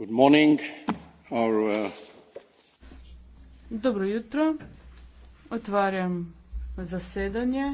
Uh, dobro jutro. Otvarjam zasedanje.